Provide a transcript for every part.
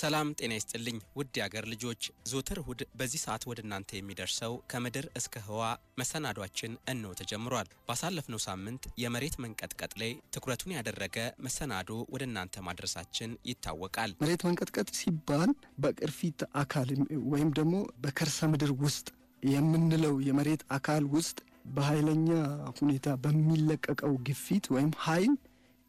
ሰላም ጤና ይስጥልኝ ውድ የአገር ልጆች፣ ዘወትር እሁድ በዚህ ሰዓት ወደ እናንተ የሚደርሰው ከምድር እስከ ህዋ መሰናዷችን እነሆ ተጀምሯል። ባሳለፍነው ሳምንት የመሬት መንቀጥቀጥ ላይ ትኩረቱን ያደረገ መሰናዶ ወደ እናንተ ማድረሳችን ይታወቃል። መሬት መንቀጥቀጥ ሲባል በቅርፊት አካል ወይም ደግሞ በከርሰ ምድር ውስጥ የምንለው የመሬት አካል ውስጥ በኃይለኛ ሁኔታ በሚለቀቀው ግፊት ወይም ኃይል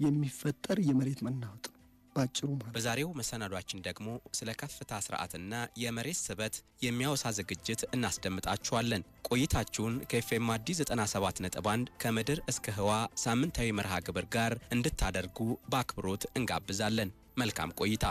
የሚፈጠር የመሬት መናወጥ ነው። ባጭሩ ማለት። በዛሬው መሰናዷችን ደግሞ ስለ ከፍታ ስርዓትና የመሬት ስበት የሚያወሳ ዝግጅት እናስደምጣችኋለን። ቆይታችሁን ከኤፍኤም አዲስ 97.1 ከምድር እስከ ህዋ ሳምንታዊ መርሃ ግብር ጋር እንድታደርጉ በአክብሮት እንጋብዛለን። መልካም ቆይታ።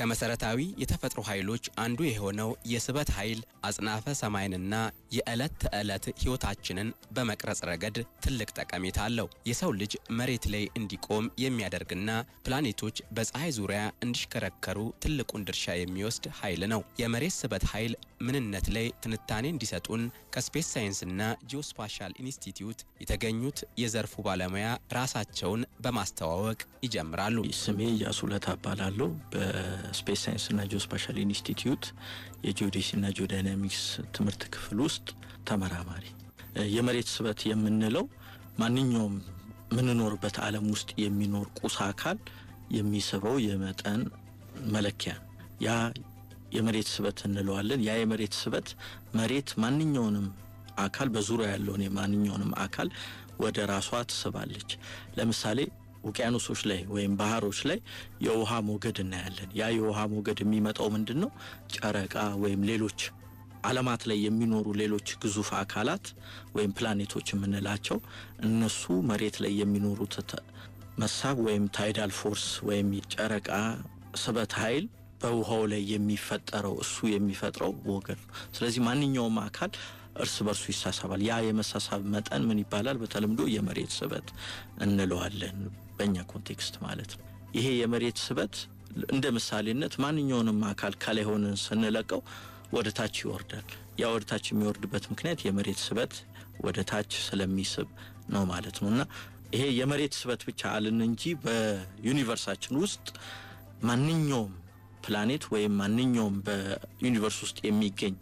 ከመሰረታዊ የተፈጥሮ ኃይሎች አንዱ የሆነው የስበት ኃይል አጽናፈ ሰማይንና የዕለት ተዕለት ሕይወታችንን በመቅረጽ ረገድ ትልቅ ጠቀሜታ አለው። የሰው ልጅ መሬት ላይ እንዲቆም የሚያደርግና ፕላኔቶች በፀሐይ ዙሪያ እንዲሽከረከሩ ትልቁን ድርሻ የሚወስድ ኃይል ነው። የመሬት ስበት ኃይል ምንነት ላይ ትንታኔ እንዲሰጡን ከስፔስ ሳይንስና ጂኦስፓሻል ኢንስቲትዩት የተገኙት የዘርፉ ባለሙያ ራሳቸውን በማስተዋወቅ ይጀምራሉ። ስሜ ያሱለት እባላለሁ። በስፔስ ሳይንስና ጂኦስፓሻል ኢንስቲትዩት የጂኦዴሲና ጂኦዳይናሚክስ ትምህርት ክፍል ውስጥ ተመራማሪ። የመሬት ስበት የምንለው ማንኛውም የምንኖርበት አለም ውስጥ የሚኖር ቁስ አካል የሚስበው የመጠን መለኪያ ያ የመሬት ስበት እንለዋለን። ያ የመሬት ስበት መሬት ማንኛውንም አካል በዙሪያ ያለውን የማንኛውንም አካል ወደ ራሷ ትስባለች። ለምሳሌ ውቅያኖሶች ላይ ወይም ባህሮች ላይ የውሃ ሞገድ እናያለን። ያ የውሃ ሞገድ የሚመጣው ምንድን ነው? ጨረቃ ወይም ሌሎች አለማት ላይ የሚኖሩ ሌሎች ግዙፍ አካላት ወይም ፕላኔቶች የምንላቸው እነሱ መሬት ላይ የሚኖሩት መሳብ ወይም ታይዳል ፎርስ ወይም ጨረቃ ስበት ኃይል በውሃው ላይ የሚፈጠረው እሱ የሚፈጥረው ወገድ ነው። ስለዚህ ማንኛውም አካል እርስ በርሱ ይሳሳባል። ያ የመሳሳብ መጠን ምን ይባላል? በተለምዶ የመሬት ስበት እንለዋለን። በእኛ ኮንቴክስት ማለት ነው። ይሄ የመሬት ስበት እንደ ምሳሌነት ማንኛውንም አካል ከላይ ሆነን ስንለቀው ወደ ታች ይወርዳል። ያ ወደ ታች የሚወርድበት ምክንያት የመሬት ስበት ወደ ታች ስለሚስብ ነው ማለት ነው እና ይሄ የመሬት ስበት ብቻ አልን እንጂ በዩኒቨርሳችን ውስጥ ማንኛውም ፕላኔት ወይም ማንኛውም በዩኒቨርስ ውስጥ የሚገኝ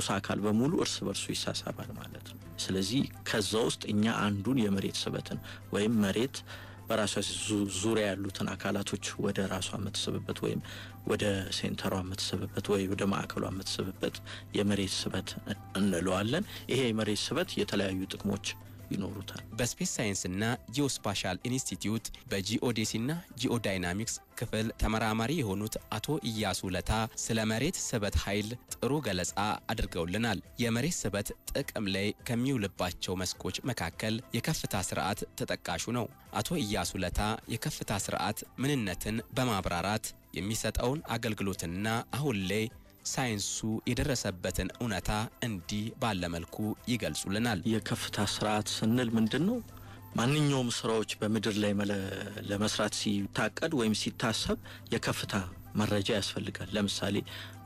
ቁስ አካል በሙሉ እርስ በርሱ ይሳሳባል ማለት ነው። ስለዚህ ከዛ ውስጥ እኛ አንዱን የመሬት ስበትን ወይም መሬት በራሷ ዙሪያ ያሉትን አካላቶች ወደ ራሷ የምትስብበት ወይም ወደ ሴንተሯ የምትስብበት ወይ ወደ ማዕከሏ የምትስብበት የመሬት ስበት እንለዋለን። ይሄ የመሬት ስበት የተለያዩ ጥቅሞች ይኖሩታል። በስፔስ ሳይንስና ጂኦስፓሻል ኢንስቲትዩት በጂኦዴሲና ጂኦዳይናሚክስ ክፍል ተመራማሪ የሆኑት አቶ ኢያሱ ለታ ስለ መሬት ስበት ኃይል ጥሩ ገለጻ አድርገውልናል። የመሬት ስበት ጥቅም ላይ ከሚውልባቸው መስኮች መካከል የከፍታ ስርዓት ተጠቃሹ ነው። አቶ ኢያሱ ለታ የከፍታ ስርዓት ምንነትን በማብራራት የሚሰጠውን አገልግሎትና አሁን ላይ ሳይንሱ የደረሰበትን እውነታ እንዲህ ባለመልኩ ይገልጹልናል። የከፍታ ስርዓት ስንል ምንድን ነው? ማንኛውም ስራዎች በምድር ላይ ለመስራት ሲታቀድ ወይም ሲታሰብ የከፍታ መረጃ ያስፈልጋል። ለምሳሌ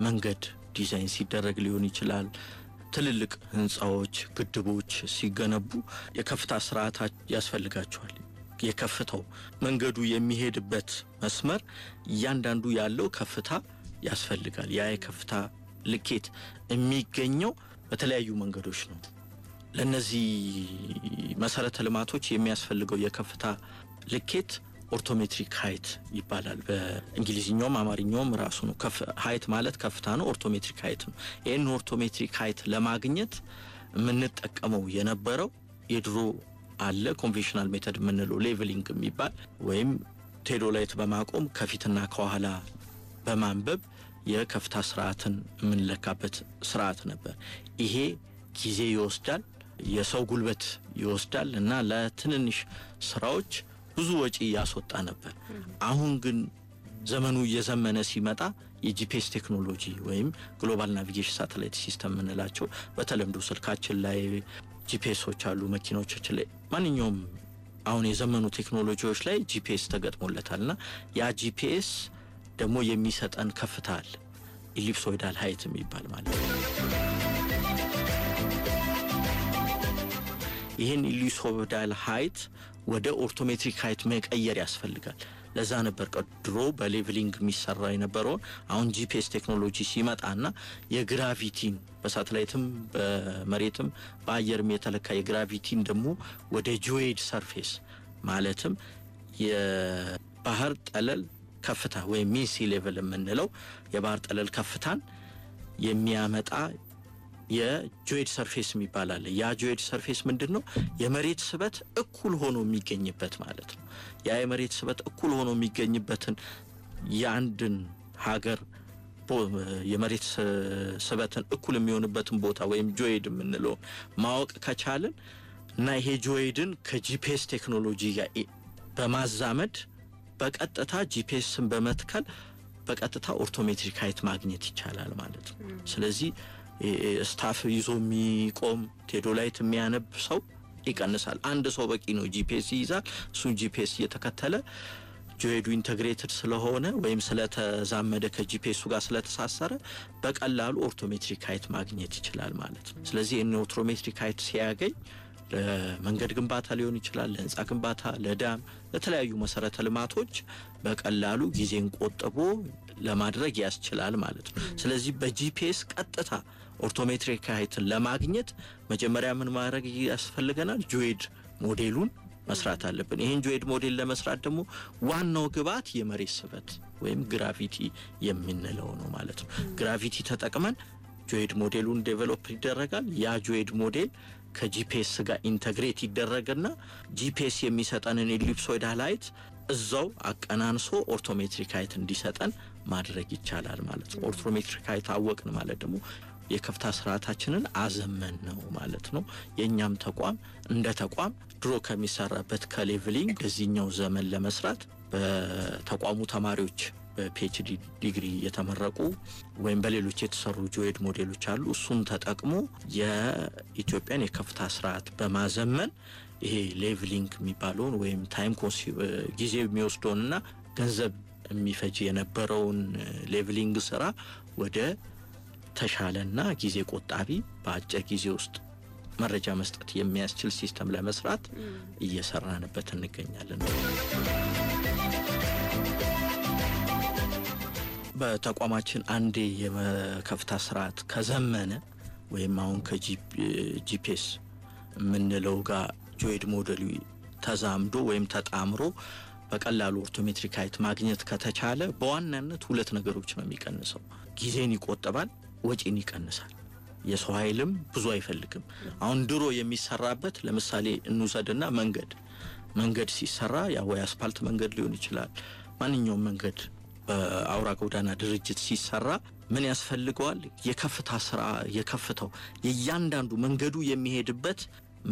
መንገድ ዲዛይን ሲደረግ ሊሆን ይችላል። ትልልቅ ህንፃዎች፣ ግድቦች ሲገነቡ የከፍታ ስርዓት ያስፈልጋቸዋል። የከፍታው መንገዱ የሚሄድበት መስመር እያንዳንዱ ያለው ከፍታ ያስፈልጋል። ያ የከፍታ ልኬት የሚገኘው በተለያዩ መንገዶች ነው። ለእነዚህ መሰረተ ልማቶች የሚያስፈልገው የከፍታ ልኬት ኦርቶሜትሪክ ሀይት ይባላል። በእንግሊዝኛውም አማርኛውም ራሱ ነው። ሀይት ማለት ከፍታ ነው። ኦርቶሜትሪክ ሀይት ነው። ይህን ኦርቶሜትሪክ ሀይት ለማግኘት የምንጠቀመው የነበረው የድሮ አለ ኮንቬንሽናል ሜተድ የምንለው ሌቭሊንግ የሚባል ወይም ቴዶላይት በማቆም ከፊትና ከኋላ በማንበብ የከፍታ ስርዓትን የምንለካበት ስርዓት ነበር። ይሄ ጊዜ ይወስዳል፣ የሰው ጉልበት ይወስዳል እና ለትንንሽ ስራዎች ብዙ ወጪ ያስወጣ ነበር። አሁን ግን ዘመኑ እየዘመነ ሲመጣ የጂፒኤስ ቴክኖሎጂ ወይም ግሎባል ናቪጌሽን ሳተላይት ሲስተም የምንላቸው በተለምዶ ስልካችን ላይ ጂፒኤሶች አሉ፣ መኪናዎቻችን ላይ ማንኛውም አሁን የዘመኑ ቴክኖሎጂዎች ላይ ጂፒኤስ ተገጥሞለታል እና ያ ጂፒኤስ ደግሞ የሚሰጠን ከፍታ አለ። ኢሊፕሶይዳል ሀይት የሚባል ማለት ነው። ይህን ኢሊፕሶይዳል ሀይት ወደ ኦርቶሜትሪክ ሀይት መቀየር ያስፈልጋል። ለዛ ነበር ቀድሮ በሌቭሊንግ የሚሰራ የነበረውን አሁን ጂፒኤስ ቴክኖሎጂ ሲመጣና የግራቪቲን በሳተላይትም በመሬትም በአየርም የተለካ የግራቪቲን ደግሞ ወደ ጂኦይድ ሰርፌስ ማለትም የባህር ጠለል ከፍታ ወይም ሚሲ ሌቭል የምንለው የባህር ጠለል ከፍታን የሚያመጣ የጆይድ ሰርፌስ የሚባል አለ። ያ ጆይድ ሰርፌስ ምንድን ነው? የመሬት ስበት እኩል ሆኖ የሚገኝበት ማለት ነው። ያ የመሬት ስበት እኩል ሆኖ የሚገኝበትን የአንድን ሀገር የመሬት ስበትን እኩል የሚሆንበትን ቦታ ወይም ጆይድ የምንለውን ማወቅ ከቻልን እና ይሄ ጆይድን ከጂፒኤስ ቴክኖሎጂ ጋር በማዛመድ በቀጥታ ጂፒኤስን በመትከል በቀጥታ ኦርቶሜትሪክ ሀይት ማግኘት ይቻላል ማለት ነው። ስለዚህ ስታፍ ይዞ የሚቆም ቴዶላይት የሚያነብ ሰው ይቀንሳል። አንድ ሰው በቂ ነው። ጂፒኤስ ይይዛል። እሱን ጂፒኤስ እየተከተለ ጆሄዱ ኢንተግሬትድ ስለሆነ ወይም ስለተዛመደ ከጂፒኤሱ ጋር ስለተሳሰረ በቀላሉ ኦርቶሜትሪክ ሀይት ማግኘት ይችላል ማለት ነው። ስለዚህ ይህን ኦርቶሜትሪክ ሀይት ሲያገኝ ለመንገድ ግንባታ ሊሆን ይችላል፣ ለህንፃ ግንባታ፣ ለዳም፣ ለተለያዩ መሰረተ ልማቶች በቀላሉ ጊዜን ቆጥቦ ለማድረግ ያስችላል ማለት ነው። ስለዚህ በጂፒኤስ ቀጥታ ኦርቶሜትሪክ ሀይትን ለማግኘት መጀመሪያ ምን ማድረግ ያስፈልገናል? ጆይድ ሞዴሉን መስራት አለብን። ይህን ጆይድ ሞዴል ለመስራት ደግሞ ዋናው ግብዓት የመሬት ስበት ወይም ግራቪቲ የምንለው ነው ማለት ነው። ግራቪቲ ተጠቅመን ጆይድ ሞዴሉን ዴቨሎፕ ይደረጋል። ያ ጆይድ ሞዴል ከጂፒኤስ ጋር ኢንተግሬት ይደረግና ጂፒኤስ የሚሰጠንን ኤሊፕሶይዳል ላይት እዛው አቀናንሶ ኦርቶሜትሪክ ሀይት እንዲሰጠን ማድረግ ይቻላል ማለት ነው። ኦርቶሜትሪክ ሀይት አወቅን ማለት ደግሞ የከፍታ ስርዓታችንን አዘመን ነው ማለት ነው። የእኛም ተቋም እንደ ተቋም ድሮ ከሚሰራበት ከሌቭሊንግ እዚህኛው ዘመን ለመስራት በተቋሙ ተማሪዎች በፒኤችዲ ዲግሪ የተመረቁ ወይም በሌሎች የተሰሩ ጆኤድ ሞዴሎች አሉ። እሱን ተጠቅሞ የኢትዮጵያን የከፍታ ስርዓት በማዘመን ይሄ ሌቭሊንግ የሚባለውን ወይም ታይም ጊዜ የሚወስደውንና ገንዘብ የሚፈጅ የነበረውን ሌቭሊንግ ስራ ወደ ተሻለና ጊዜ ቆጣቢ በአጭር ጊዜ ውስጥ መረጃ መስጠት የሚያስችል ሲስተም ለመስራት እየሰራንበት እንገኛለን። በተቋማችን አንዴ የመከፍታ ስርዓት ከዘመነ ወይም አሁን ከጂፒኤስ የምንለው ጋር ጆይድ ሞዴሉ ተዛምዶ ወይም ተጣምሮ በቀላሉ ኦርቶሜትሪክ ሀይት ማግኘት ከተቻለ በዋናነት ሁለት ነገሮች ነው የሚቀንሰው። ጊዜን ይቆጥባል፣ ወጪን ይቀንሳል። የሰው ኃይልም ብዙ አይፈልግም። አሁን ድሮ የሚሰራበት ለምሳሌ እንውሰድና መንገድ መንገድ ሲሰራ ወይ አስፓልት መንገድ ሊሆን ይችላል ማንኛውም መንገድ በአውራ ጎዳና ድርጅት ሲሰራ ምን ያስፈልገዋል? የከፍታ ስራ የከፍተው የእያንዳንዱ መንገዱ የሚሄድበት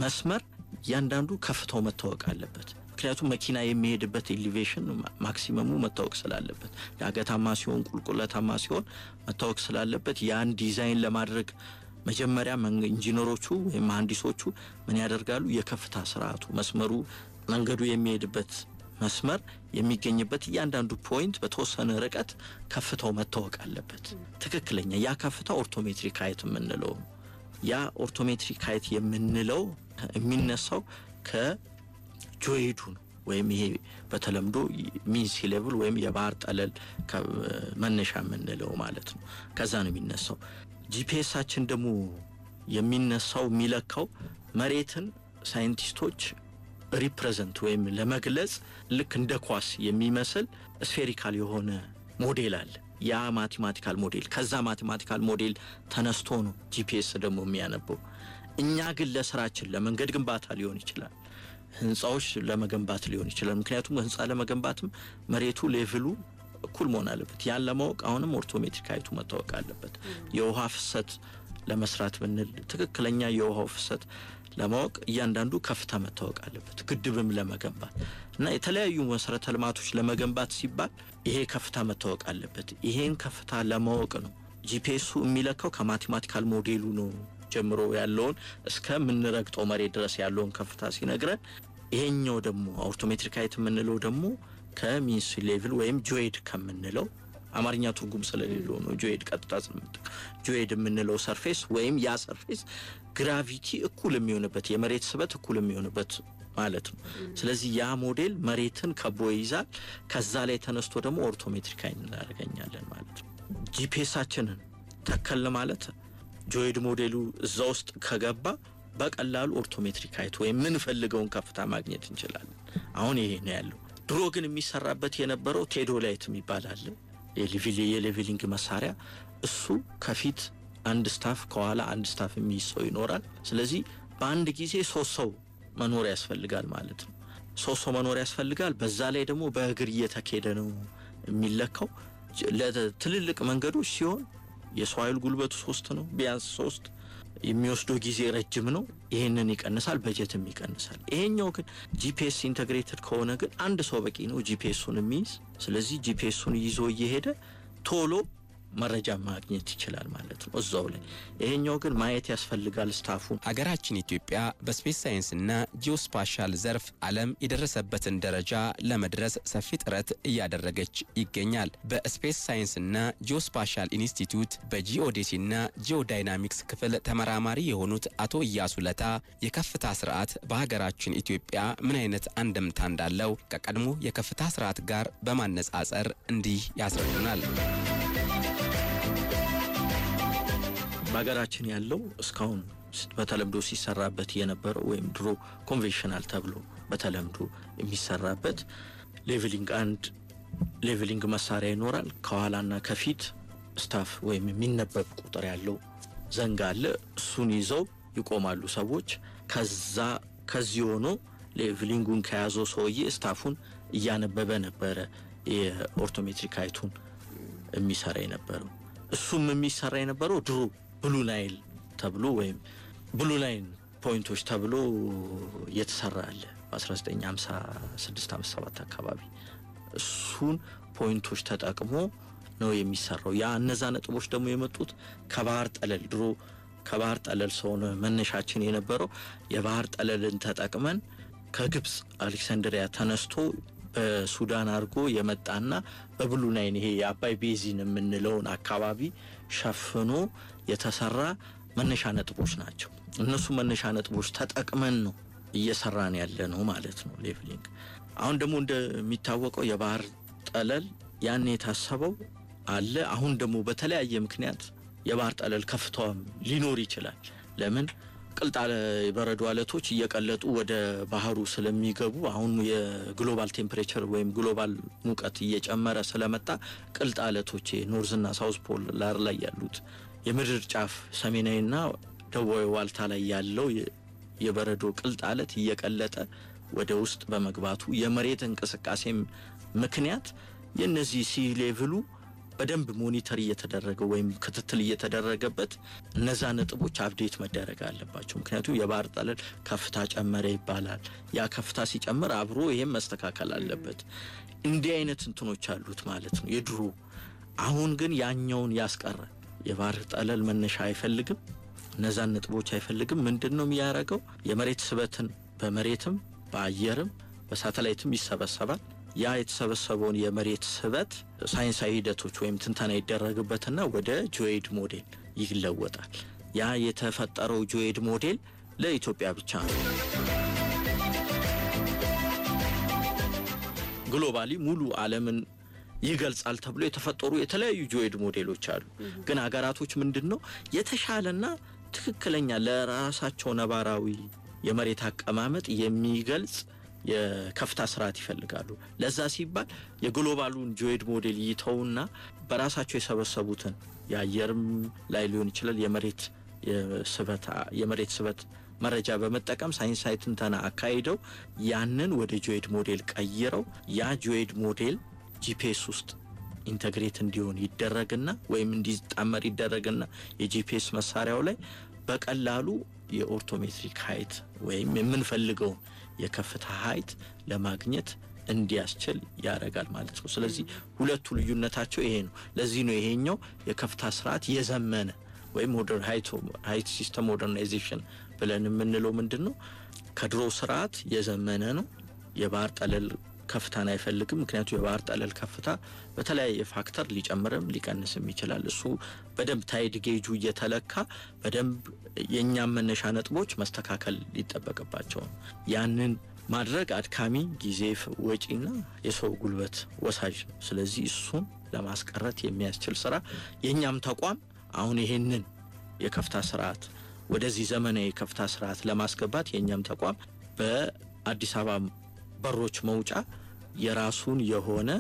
መስመር እያንዳንዱ ከፍተው መታወቅ አለበት። ምክንያቱም መኪና የሚሄድበት ኤሊቬሽን ማክሲመሙ መታወቅ ስላለበት ዳገታማ ሲሆን፣ ቁልቁለታማ ሲሆን መታወቅ ስላለበት ያን ዲዛይን ለማድረግ መጀመሪያ ኢንጂነሮቹ ወይም መሀንዲሶቹ ምን ያደርጋሉ? የከፍታ ስርዓቱ መስመሩ መንገዱ የሚሄድበት መስመር የሚገኝበት እያንዳንዱ ፖይንት በተወሰነ ርቀት ከፍታው መታወቅ አለበት። ትክክለኛ ያ ከፍታ ኦርቶሜትሪክ አየት የምንለው ያ ኦርቶሜትሪክ አየት የምንለው የሚነሳው ከጆይዱ ነው ወይም ይሄ በተለምዶ ሚንሲ ሌቭል ወይም የባህር ጠለል መነሻ የምንለው ማለት ነው። ከዛ ነው የሚነሳው። ጂፒኤሳችን ደግሞ የሚነሳው የሚለካው መሬትን ሳይንቲስቶች ሪፕሬዘንት ወይም ለመግለጽ ልክ እንደ ኳስ የሚመስል ስፌሪካል የሆነ ሞዴል አለ። ያ ማቴማቲካል ሞዴል ከዛ ማቴማቲካል ሞዴል ተነስቶ ነው ጂፒኤስ ደግሞ የሚያነበው። እኛ ግን ለስራችን ለመንገድ ግንባታ ሊሆን ይችላል፣ ህንፃዎች ለመገንባት ሊሆን ይችላል። ምክንያቱም ህንፃ ለመገንባትም መሬቱ ሌቭሉ እኩል መሆን አለበት። ያን ለማወቅ አሁንም ኦርቶሜትሪክ አይቱ መታወቅ አለበት። የውሃ ፍሰት ለመስራት ብንል ትክክለኛ የውሃው ፍሰት ለማወቅ እያንዳንዱ ከፍታ መታወቅ አለበት። ግድብም ለመገንባት እና የተለያዩ መሰረተ ልማቶች ለመገንባት ሲባል ይሄ ከፍታ መታወቅ አለበት። ይሄን ከፍታ ለማወቅ ነው ጂፒኤሱ የሚለካው ከማቴማቲካል ሞዴሉ ነው ጀምሮ ያለውን እስከ ምንረግጠው መሬት ድረስ ያለውን ከፍታ ሲነግረን፣ ይሄኛው ደግሞ አውርቶሜትሪክ ሀይት የምንለው ደግሞ ከሚንስ ሌቭል ወይም ጆይድ ከምንለው አማርኛ ትርጉም ስለሌለው ነው ጆይድ ቀጥታ ስለምንጠቀም ጆይድ የምንለው ሰርፌስ ወይም ያ ሰርፌስ ግራቪቲ እኩል የሚሆንበት የመሬት ስበት እኩል የሚሆንበት ማለት ነው። ስለዚህ ያ ሞዴል መሬትን ከቦ ይይዛል። ከዛ ላይ ተነስቶ ደግሞ ኦርቶሜትሪክ አይን እናደርገኛለን ማለት ነው። ጂፒኤሳችንን ተከል ማለት ጆይድ ሞዴሉ እዛ ውስጥ ከገባ በቀላሉ ኦርቶሜትሪክ አይት ወይም የምንፈልገውን ከፍታ ማግኘት እንችላለን። አሁን ይሄ ነው ያለው። ድሮ ግን የሚሰራበት የነበረው ቴዶላይት የሚባል አለ፣ የሌቪሊንግ መሳሪያ እሱ ከፊት አንድ ስታፍ ከኋላ አንድ ስታፍ የሚይዝ ሰው ይኖራል። ስለዚህ በአንድ ጊዜ ሶስት ሰው መኖር ያስፈልጋል ማለት ነው። ሶስት ሰው መኖር ያስፈልጋል። በዛ ላይ ደግሞ በእግር እየተካሄደ ነው የሚለካው። ለትልልቅ መንገዶች ሲሆን የሰው ኃይል ጉልበቱ ሶስት ነው፣ ቢያንስ ሶስት የሚወስደው ጊዜ ረጅም ነው። ይህንን ይቀንሳል፣ በጀትም ይቀንሳል። ይሄኛው ግን ጂፒኤስ ኢንተግሬትድ ከሆነ ግን አንድ ሰው በቂ ነው ጂፒኤሱን የሚይዝ ስለዚህ ጂፒኤሱን ይዞ እየሄደ ቶሎ መረጃ ማግኘት ይችላል ማለት ነው እዛው ላይ። ይሄኛው ግን ማየት ያስፈልጋል ስታፉ ሀገራችን ኢትዮጵያ በስፔስ ሳይንስና ጂኦስፓሻል ዘርፍ ዓለም የደረሰበትን ደረጃ ለመድረስ ሰፊ ጥረት እያደረገች ይገኛል። በስፔስ ሳይንስና ጂኦስፓሻል ኢንስቲትዩት በጂኦዴሲና ጂኦዳይናሚክስ ክፍል ተመራማሪ የሆኑት አቶ እያሱ ለታ የከፍታ ስርዓት በሀገራችን ኢትዮጵያ ምን አይነት አንድምታ እንዳለው ከቀድሞ የከፍታ ስርዓት ጋር በማነጻጸር እንዲህ ያስረዱናል። በሀገራችን ያለው እስካሁን በተለምዶ ሲሰራበት የነበረው ወይም ድሮ ኮንቬንሽናል ተብሎ በተለምዶ የሚሰራበት ሌቭሊንግ አንድ ሌቭሊንግ መሳሪያ ይኖራል። ከኋላና ከፊት ስታፍ ወይም የሚነበብ ቁጥር ያለው ዘንግ አለ። እሱን ይዘው ይቆማሉ ሰዎች። ከዛ ከዚህ ሆኖ ሌቭሊንጉን ከያዘው ሰውዬ ስታፉን እያነበበ ነበረ የኦርቶሜትሪክ አይቱን የሚሰራ የነበረው። እሱም የሚሰራ የነበረው ድሮ ብሉ ናይል ተብሎ ወይም ብሉ ላይን ፖይንቶች ተብሎ የተሰራ አለ በ1956 57 አካባቢ እሱን ፖይንቶች ተጠቅሞ ነው የሚሰራው። ያ እነዛ ነጥቦች ደግሞ የመጡት ከባህር ጠለል ድሮ ከባህር ጠለል ሰሆነ መነሻችን የነበረው የባህር ጠለልን ተጠቅመን ከግብፅ አሌክሳንድሪያ ተነስቶ በሱዳን አድርጎ የመጣና በብሉ ናይን ይሄ የአባይ ቤዚን የምንለውን አካባቢ ሸፍኖ የተሰራ መነሻ ነጥቦች ናቸው። እነሱ መነሻ ነጥቦች ተጠቅመን ነው እየሰራን ያለ ነው ማለት ነው ሌቭሊንግ። አሁን ደግሞ እንደሚታወቀው የባህር ጠለል ያኔ የታሰበው አለ። አሁን ደግሞ በተለያየ ምክንያት የባህር ጠለል ከፍታውም ሊኖር ይችላል። ለምን ቅልጣ የበረዶ አለቶች እየቀለጡ ወደ ባህሩ ስለሚገቡ አሁን የግሎባል ቴምፕሬቸር ወይም ግሎባል ሙቀት እየጨመረ ስለመጣ ቅልጣ አለቶች ኖርዝና ሳውዝ ላር ላይ ያሉት የምድር ጫፍ ሰሜናዊና ደቡባዊ ዋልታ ላይ ያለው የበረዶ ቅልጥ አለት እየቀለጠ ወደ ውስጥ በመግባቱ የመሬት እንቅስቃሴም ምክንያት የነዚህ ሲ ሌቭሉ በደንብ ሞኒተር እየተደረገ ወይም ክትትል እየተደረገበት እነዛ ነጥቦች አብዴት መደረግ አለባቸው። ምክንያቱም የባህር ጠለል ከፍታ ጨመረ ይባላል። ያ ከፍታ ሲጨምር አብሮ ይሄም መስተካከል አለበት። እንዲህ አይነት እንትኖች አሉት ማለት ነው የድሮ አሁን ግን ያኛውን ያስቀረ የባህር ጠለል መነሻ አይፈልግም፣ እነዛን ነጥቦች አይፈልግም። ምንድን ነው የሚያደርገው? የመሬት ስበትን በመሬትም በአየርም በሳተላይትም ይሰበሰባል። ያ የተሰበሰበውን የመሬት ስበት ሳይንሳዊ ሂደቶች ወይም ትንተና ይደረግበትና ወደ ጆይድ ሞዴል ይለወጣል። ያ የተፈጠረው ጆይድ ሞዴል ለኢትዮጵያ ብቻ ነው። ግሎባሊ ሙሉ ዓለምን ይገልጻል ተብሎ የተፈጠሩ የተለያዩ ጆይድ ሞዴሎች አሉ። ግን ሀገራቶች ምንድን ነው የተሻለና ትክክለኛ ለራሳቸው ነባራዊ የመሬት አቀማመጥ የሚገልጽ የከፍታ ስርዓት ይፈልጋሉ። ለዛ ሲባል የግሎባሉን ጆይድ ሞዴል ይተውና በራሳቸው የሰበሰቡትን የአየርም ላይ ሊሆን ይችላል የመሬት የመሬት ስበት መረጃ በመጠቀም ሳይንሳዊ ትንተና አካሂደው ያንን ወደ ጆይድ ሞዴል ቀይረው ያ ጆይድ ሞዴል ጂፒኤስ ውስጥ ኢንተግሬት እንዲሆን ይደረግና ወይም እንዲጣመር ይደረግና የጂፒኤስ መሳሪያው ላይ በቀላሉ የኦርቶሜትሪክ ሀይት ወይም የምንፈልገውን የከፍታ ሀይት ለማግኘት እንዲያስችል ያደርጋል ማለት ነው። ስለዚህ ሁለቱ ልዩነታቸው ይሄ ነው። ለዚህ ነው ይሄኛው የከፍታ ስርዓት የዘመነ ወይም ሀይት ሲስተም ሞደርናይዜሽን ብለን የምንለው ምንድን ነው? ከድሮ ስርዓት የዘመነ ነው። የባህር ጠለል ከፍታን አይፈልግም። ምክንያቱ የባህር ጠለል ከፍታ በተለያየ ፋክተር ሊጨምርም ሊቀንስም ይችላል። እሱ በደንብ ታይድ ጌጁ እየተለካ በደንብ የእኛም መነሻ ነጥቦች መስተካከል ሊጠበቅባቸው ያንን ማድረግ አድካሚ ጊዜ ወጪና የሰው ጉልበት ወሳጅ ነው። ስለዚህ እሱን ለማስቀረት የሚያስችል ስራ የእኛም ተቋም አሁን ይሄንን የከፍታ ስርዓት ወደዚህ ዘመናዊ የከፍታ ስርዓት ለማስገባት የእኛም ተቋም በአዲስ አበባ በሮች መውጫ የራሱን የሆነ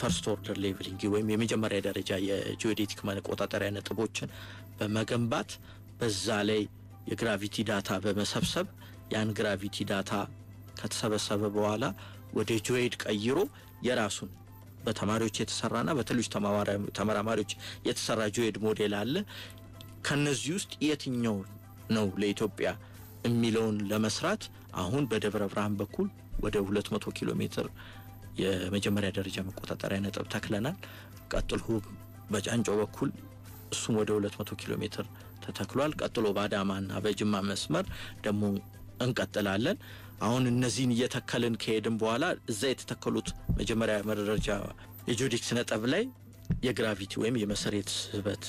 ፈርስት ኦርደር ሌቭሊንግ ወይም የመጀመሪያ ደረጃ የጂኦዴቲክ መቆጣጠሪያ ነጥቦችን በመገንባት በዛ ላይ የግራቪቲ ዳታ በመሰብሰብ ያን ግራቪቲ ዳታ ከተሰበሰበ በኋላ ወደ ጆይድ ቀይሮ የራሱን በተማሪዎች የተሰራና በትልጅ ተመራማሪዎች የተሰራ ጆይድ ሞዴል አለ። ከነዚህ ውስጥ የትኛው ነው ለኢትዮጵያ የሚለውን ለመስራት አሁን በደብረ ብርሃን በኩል ወደ 200 ኪሎ ሜትር የመጀመሪያ ደረጃ መቆጣጠሪያ ነጥብ ተክለናል። ቀጥሎ በጫንጮ በኩል እሱም ወደ 200 ኪሎ ሜትር ተተክሏል። ቀጥሎ በአዳማና በጅማ መስመር ደግሞ እንቀጥላለን። አሁን እነዚህን እየተከልን ከሄድን በኋላ እዛ የተተከሉት መጀመሪያ መረጃ የጂኦዲክስ ነጥብ ላይ የግራቪቲ ወይም የመሰሬት ስበት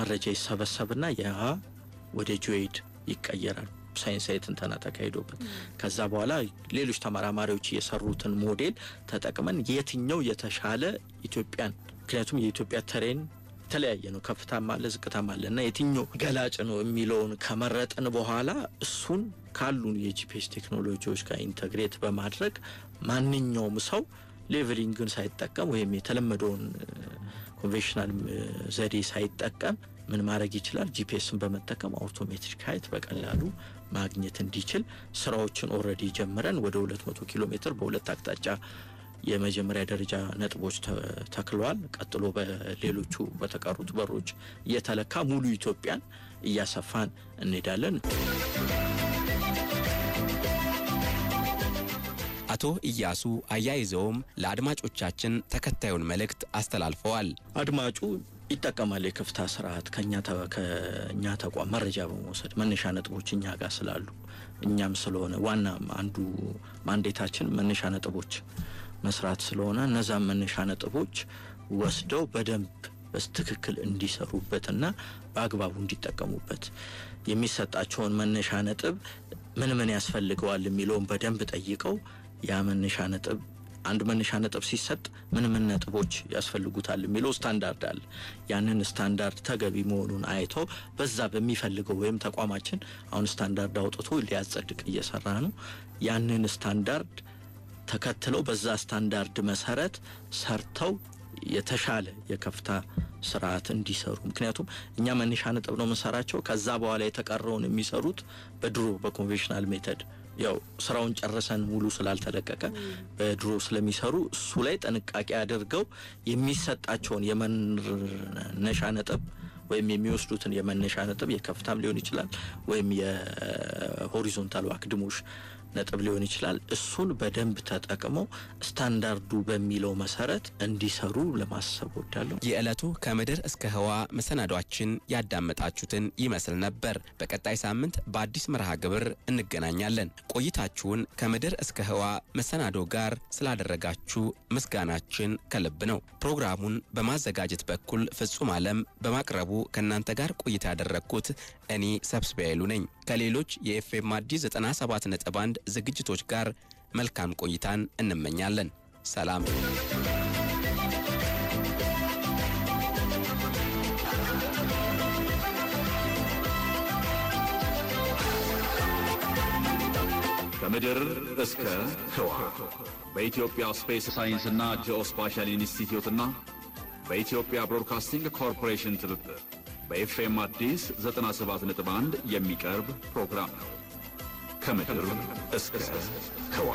መረጃ ይሰበሰብና ያ ወደ ጂኦይድ ይቀየራል። ሳይንሳዊ ትንተና ተካሂዶበት ከዛ በኋላ ሌሎች ተመራማሪዎች የሰሩትን ሞዴል ተጠቅመን የትኛው የተሻለ ኢትዮጵያን ምክንያቱም የኢትዮጵያ ተሬን የተለያየ ነው። ከፍታም አለ፣ ዝቅታም አለ እና የትኛው ገላጭ ነው የሚለውን ከመረጥን በኋላ እሱን ካሉን የጂፒኤስ ቴክኖሎጂዎች ጋር ኢንተግሬት በማድረግ ማንኛውም ሰው ሌቨሊንግን ሳይጠቀም ወይም የተለመደውን ኮንቬንሽናል ዘዴ ሳይጠቀም ምን ማድረግ ይችላል? ጂፒኤስን በመጠቀም አውቶሜትሪክ ሀይት በቀላሉ ማግኘት እንዲችል ስራዎችን ኦልሬዲ ጀምረን ወደ 200 ኪሎ ሜትር በሁለት አቅጣጫ የመጀመሪያ ደረጃ ነጥቦች ተክለዋል። ቀጥሎ በሌሎቹ በተቀሩት በሮች እየተለካ ሙሉ ኢትዮጵያን እያሰፋን እንሄዳለን። አቶ እያሱ አያይዘውም ለአድማጮቻችን ተከታዩን መልእክት አስተላልፈዋል። አድማጩ ይጠቀማል። የክፍታ ስርዓት ከእኛ ተቋም መረጃ በመውሰድ መነሻ ነጥቦች እኛ ጋር ስላሉ እኛም ስለሆነ ዋና አንዱ ማንዴታችን መነሻ ነጥቦች መስራት ስለሆነ እነዛን መነሻ ነጥቦች ወስደው በደንብ በትክክል እንዲሰሩበትና በአግባቡ እንዲጠቀሙበት የሚሰጣቸውን መነሻ ነጥብ ምን ምን ያስፈልገዋል የሚለውን በደንብ ጠይቀው ያ መነሻ ነጥብ አንድ መነሻ ነጥብ ሲሰጥ ምን ምን ነጥቦች ያስፈልጉታል የሚለው ስታንዳርድ አለ። ያንን ስታንዳርድ ተገቢ መሆኑን አይቶ በዛ በሚፈልገው ወይም ተቋማችን አሁን ስታንዳርድ አውጥቶ ሊያጸድቅ እየሰራ ነው። ያንን ስታንዳርድ ተከትለው በዛ ስታንዳርድ መሰረት ሰርተው የተሻለ የከፍታ ስርዓት እንዲሰሩ ምክንያቱም እኛ መነሻ ነጥብ ነው የምንሰራቸው። ከዛ በኋላ የተቀረውን የሚሰሩት በድሮ በኮንቬንሽናል ሜተድ ያው ስራውን ጨርሰን ሙሉ ስላልተለቀቀ በድሮ ስለሚሰሩ እሱ ላይ ጥንቃቄ አድርገው የሚሰጣቸውን የመነሻ ነጥብ ወይም የሚወስዱትን የመነሻ ነጥብ የከፍታም ሊሆን ይችላል ወይም የሆሪዞንታል አክድሞሽ ነጥብ ሊሆን ይችላል። እሱን በደንብ ተጠቅሞ ስታንዳርዱ በሚለው መሰረት እንዲሰሩ ለማሰብ ወዳለሁ። የዕለቱ ከምድር እስከ ህዋ መሰናዷችን ያዳመጣችሁትን ይመስል ነበር። በቀጣይ ሳምንት በአዲስ መርሃ ግብር እንገናኛለን። ቆይታችሁን ከምድር እስከ ህዋ መሰናዶ ጋር ስላደረጋችሁ ምስጋናችን ከልብ ነው። ፕሮግራሙን በማዘጋጀት በኩል ፍጹም ዓለም በማቅረቡ ከእናንተ ጋር ቆይታ ያደረግኩት እኔ ሰብስቤ ያይሉ ነኝ። ከሌሎች የኤፍኤም አዲስ ነባ1 ዝግጅቶች ጋር መልካም ቆይታን እንመኛለን። ሰላም። ከምድር እስከ ህዋ በኢትዮጵያ ስፔስ ሳይንስና ጂኦስፓሻል ኢንስቲትዩትና በኢትዮጵያ ብሮድካስቲንግ ኮርፖሬሽን ትብብር በኤፍኤም አዲስ 97.1 የሚቀርብ ፕሮግራም ነው። ከምድር እስከ ህዋ